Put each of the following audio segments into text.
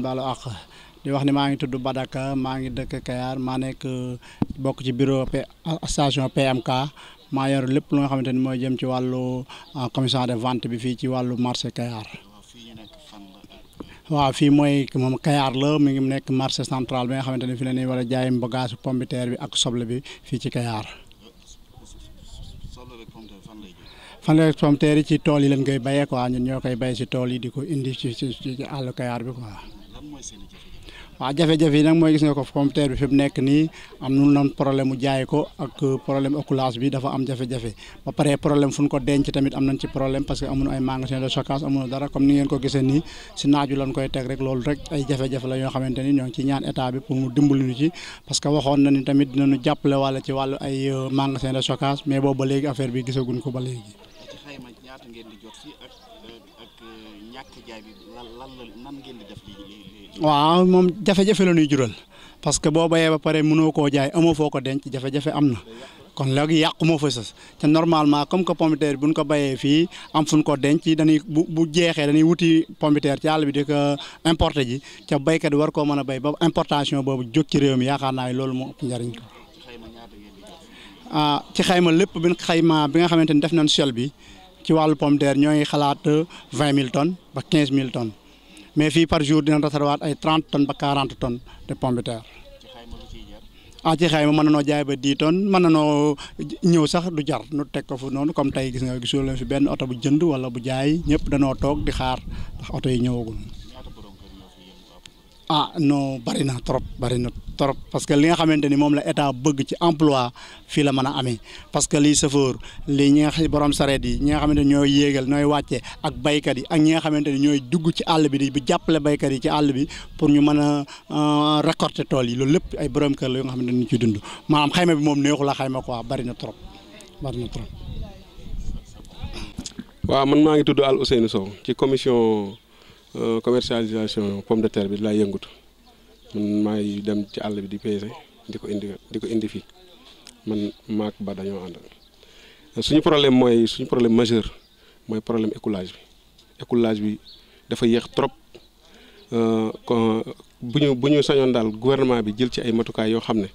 ba baalu àq di wax ni maa ngi tudd Badaka maa ngi dëkk Kayar maa nekk bokk ci bureau station PMK maa yor lépp lu nga xamante ni mooy jëm ci wàllu ah, commission de vente bi fii ci wàllu marché Kayar. waaw fii mooy moom Kayar la mi ngi nekk marché central bi nga xamante ni fi la ñuy war a jaay bagage pombiteer bi ak soble bi fii ci Kayar. fan la pombiteer yi ci tool yi lañ koy bayee quoi ñun ñoo koy bay ci tool yi di ko indi ci àll Kayar bi quoi. waaw jafe-jafe yi nag mooy gis nga ko pomme de bi fi mu nekk nii am nu noon problème mu jaay ko ak euh, problème écoulage bi dafa am jafe-jafe ba pare problème fu ñu ko denc tamit am nañ ci problème parce que amuñu ay magasin de stockage amuñu dara comme ni ngeen ko gisee nii si naaju lañ koy teg rek loolu rek ay jafe-jafe la xamante ni ñoo ngi ci ñaan état bi pour mu dimbali ñu ci parce que waxoon na ni tamit dinañu jàppale wàlla ci wàllu ay euh, magasin de stockage mais boobu ba léegi affaire bi gisaguñ ko ba léegi ñaata ngeen di jot si ak euh, ak bi lan lan la di def waaw moom jafe-jafe la ñuy jural parce que boo bayee ba pare mënoo koo jaay amoo foo ko denc jafe-jafe am na kon léegi yàqu moo fa sës te normalement comme que pomme de bu ñu ko bayee fii am fu ñu ko denc dañuy bu bu jeexee dañuy wuti pomme ci àll bi de ko importer ji ca baykat war koo mën a bay ba importation boobu jóg ci réew mi yaakaar naa ne loolu moo ëpp njariñ ko ah ci xayma lépp bi xayma bi nga xamante ni def nañ sol bi ci wàllu pomme de terre xalaat vingt mille tonnes ba quinze mille tonnes. mais fii par jour dina recevoir ay trente ton ba quarante tonnes de pomme de terre ah ci xayma mën na jaay ba dix tonnes mën nanoo ñëw sax du jar nu teg ko fu noonu comme tey gis nga gisul leen fi benn oto bu jënd wala bu jaay ñëpp danoo toog di xaar ndax oto yi ñëwagul. ah no bari na trop bari na trop parce que li nga xamante ni moom la état bëgg ci emploi fii la mën a amee parce que liy chauffeur li ñi nga borom sareet yi ñi nga xamante ni ñooy yéegal ñooy wàcce ak baykat yi ak ñi nga xamante ni ñooy dugg ci àll bi di bu jàppale baykat yi ci àll bi pour ñu mën a euh, récolter tool yi loolu lépp ay borom kër la yoo nga xamante ni ñu ciy dund maanaam xayma bi moom neexu la xayma ko bari na trop bari na trop. waaw man maa ngi tudd Al Ousseynou Sow Euh, commercialisation pomme de terre bi laay yëngatu man maa ngi dem ci àll bi di peese di ko indi di ko indi fii man maak ba dañoo ànd euh, suñu problème mooy suñu problème majeur mooy problème écoulage bi écoulage bi dafa yéex trop euh, kon bu ñu bu ñu sañoon daal gouvernement bi jël ci ay matukaay yoo xam ne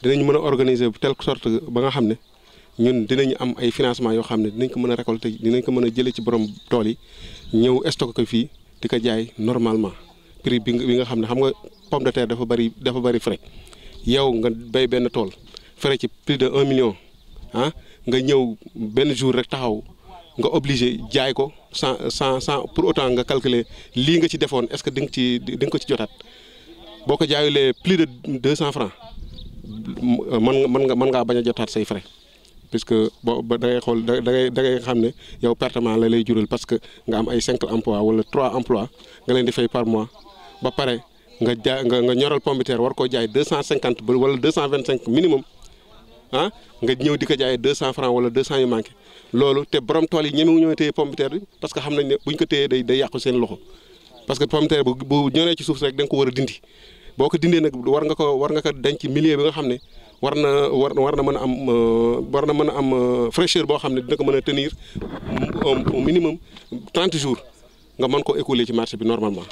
dinañ mën a organiser bu telle sorte ba nga xam ne ñun dinañu am ay financement yoo xam ne dinañ ko mën a récolter dinañ ko mën a jëlee ci borom tool yi ñëw stocké ko fii. di ko jaay normalement prix bi nga bi nga xam ne xam nga pomme de terre dafa bari dafa bari frais yow nga bay benn tool frais ci plus de un million ah nga ñëw benn jour rek taxaw nga obligé jaay ko sans sans sans pour autant nga calculer lii nga ci defoon est-ce que di nga ci di nga ko ci jotaat boo ko jaayulee plus de deux cent francs mën nga mën nga mën ngaa bañ a jotaat say frais. puisque boo ba da ngay xool da xam ne yow pertement la lay jural parce que nga am ay cinq emploi wala trois emploi nga leen di fay par mois ba pare nga jaay nga nga ñoral pomme de terre war koo jaay deux cent cinquante ba wala deux cent vingt cinq minimum ah nga ko wala deux cent yu manqué loolu te borom tool yi ñemewu ñoo téye parce que xam nañ ne buñ ko téyee day day yàqu seen loxo parce que pomme de terre bu bu ñoree ci suuf rek da ko war a dindi boo ko dindee nag war nga ko war nga ko denc bi nga xam ne war na war war na mën a am euh, war na mën a am euh, fraîcheur boo xam ne dina ko mën a tenir euh, au minimum trente jours nga mën ko écouler ci marché bi normalement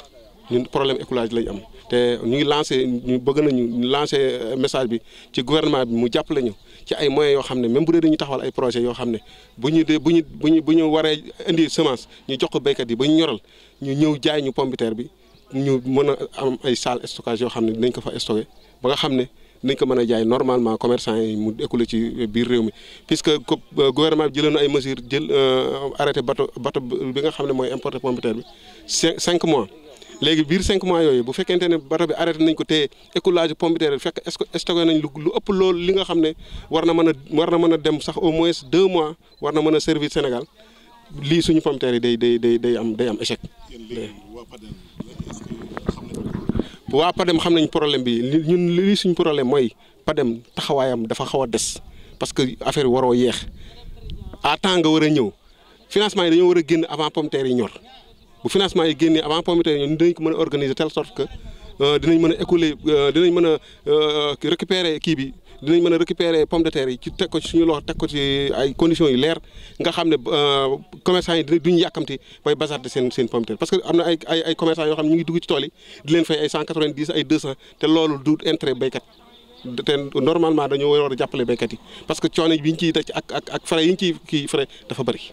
ñun problème écoulage lañ am te ñu ngi lancé ñu bëgg nañu lancé message bi ci gouvernement bi mu jàppale ñu ci ay moyens yoo xam ne même bu dee dañuy taxawal ay projet yoo xam ne bu ñu dee bu ñu bu ñu bu ñu waree indi semence ñu jox ko béykat yi ba ñu ñoral ñu ñëw jaay ñu pompiteer bi ñu mën a am ay salle stockage yoo xam ne dinañ ko fa stocké ba nga xam ne. nañ ko mën a jaay normalement commerçant yi mu écoulé ci biir réew mi puisque euh, gouvernement bi jëlee na ay mesures jël euh, arrêté bato bato bi nga xam ne mooy importe pomme de terre bi cinq cinq mois léegi biir cinq mois yooyu bu fekkente ne bato bi arrêté nañ ko téye écoulage pomme de terre bi fekk stocké nañ lu ëpp lool li nga xam ne war na mën a war na mën a dem sax au moins deux mois war na mën a servir Sénégal lii suñu pomme de terre yi day day day day am day am échec. waa Padem xam nañ problème bi li ñun li suñ problème mooy Padem taxawaayam dafa xaw a des parce que affaire bi waroo yéex à temps nga war a ñëw financement yi dañoo war a génn avant pomme de terre yi ñor bu financement yi génnee avant pomme terre yi ñor dinañ ko mën a organiser telle sorte que. Euh, dinañ mën a écolé euh, danañ euh, mën a récupérer kii bi danañ mën a récupérer pomme de terre yi ci teg ko ci suñu loxo teg ko ci ay conditions yu leer nga xam ne commerçant yi duñu yàkkamti bay bazarder seen seen pomme de terre parce que am na ay ay ay commerçant yoo xam ne ñu ngi dugg ci tool yi di leen fay ay cent quatre-vingt-dix ay deux cent te loolu du intérêt béykat te normalement dañoo war a jàppale béykat yi parce que coono bi ñu ciy daj ak ak ak frais yi ñu ciy kii frais dafa bëri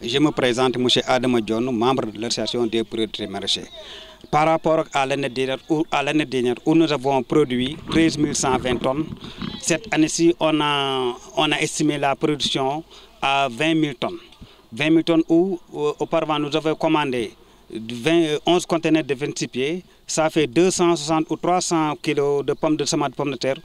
Je me présente, M. Adam John, membre de l'association des produits maraîchers. Par rapport à l'année dernière, dernière, où nous avons produit 13 120 tonnes, cette année-ci, on a, on a estimé la production à mille 000 tonnes. 20 000 au où, euh, nous avons commandé 20, 11 euh, conteneurs de 26 pieds, ça fait 260 ou 300 kg de pommes de semence de pommes de terre,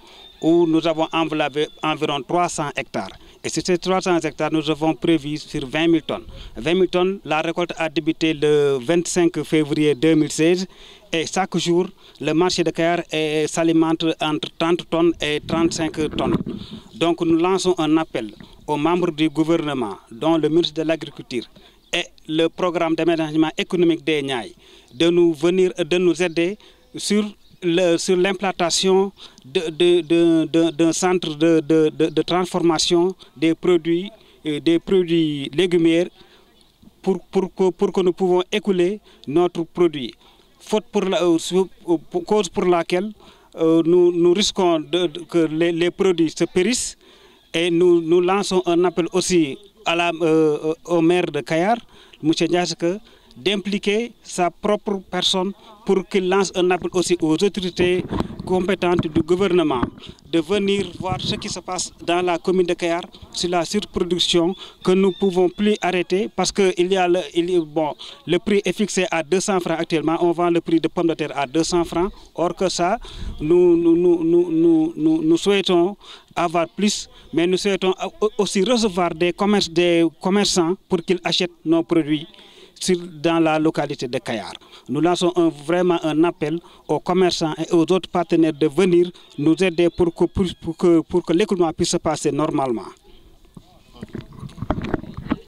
où nous avons enveloppé environ 300 hectares. Et sur ces 300 hectares, nous avons prévu sur 20 000 tonnes. 20 000 tonnes, la récolte a débuté le 25 février 2016 et chaque jour, le marché de Caire s'alimente entre 30 tonnes et 35 tonnes. Donc nous lançons un appel aux membres du gouvernement, dont le ministre de l'Agriculture et le programme d'aménagement économique des Niaï, de nous venir, de nous aider sur le, sur l'implantation d'un de, de, de, de centre de, transformation des produits, euh, des produits légumières pour, pour, pour, pour, que nous pouvons écouler notre produit. Faute pour la, euh, euh, cause pour laquelle euh, nous, nous, de que les, les, produits se périssent et nous, nous lançons un appel aussi à la, au maire de Kayar, M. Dias, d'impliquer sa propre personne pour qu'il lance un appel aussi aux autorités compétentes du gouvernement de venir voir ce qui se passe dans la commune de Kayar sur la surproduction que nous ne pouvons plus arrêter parce que il y a le, bon, le prix est fixé à 200 francs actuellement, on vend le prix de pommes de terre à 200 francs, or que ça, nous, nous, nous, nous, nous souhaitons avoir plus, mais nous souhaitons aussi recevoir des commerces, des commerçants pour qu'ils achètent nos produits. sur, dans la localité de Kayar. Nous lançons un, vraiment un appel aux commerçants et aux autres partenaires de venir nous aider pour que, pour, pour que, pour que l'écoulement puisse passer normalement.